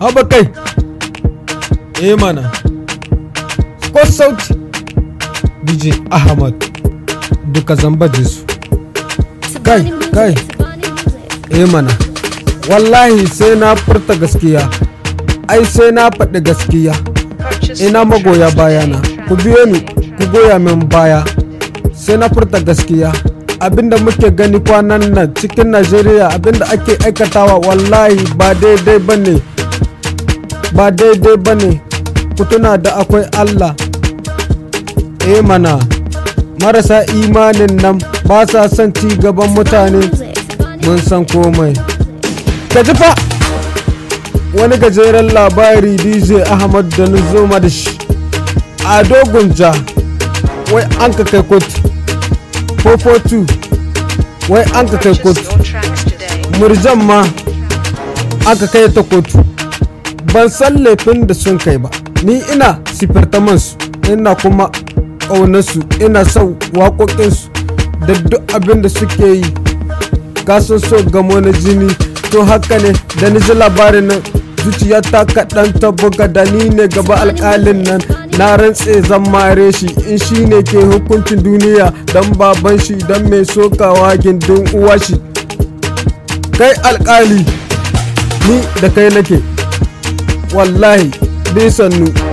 haba kai eh mana ko sauti dj ahmad duka zamba jesu kai kai eh mana wallahi sai na furta gaskiya ai sai na faɗi gaskiya ina magoya bayana ku biyo ni ku goya min baya sai na furta gaskiya abinda muke gani kwanan nan cikin najeriya abinda ake aikatawa wallahi ba daidai ba ne ba daidai ba ne ku tuna da akwai allah e mana marasa imanin nan ba sa son ci gaban mutane mun san komai ka fa wani gajeren labari dj ahmad da zoma da shi a dogon ja wai an ka kai kotu 442 wai an ka kai kotu murjan ma aka kai ta kotu ban san laifin da sun kai ba ni ina sifirtamansu ina kuma ƙaunarsu ina son waƙoƙinsu da duk abin da suke yi gasar so gamo na jini to haka ne da ni ji labarin nan zuciya ta kaɗan ta buga da ni ne gaba alƙalin nan na rantse zan mare shi in shi ne ke hukuncin duniya don baban shi don mai sokawa gindin uwa shi kai alƙali ni da kai nake wallahi bai sannu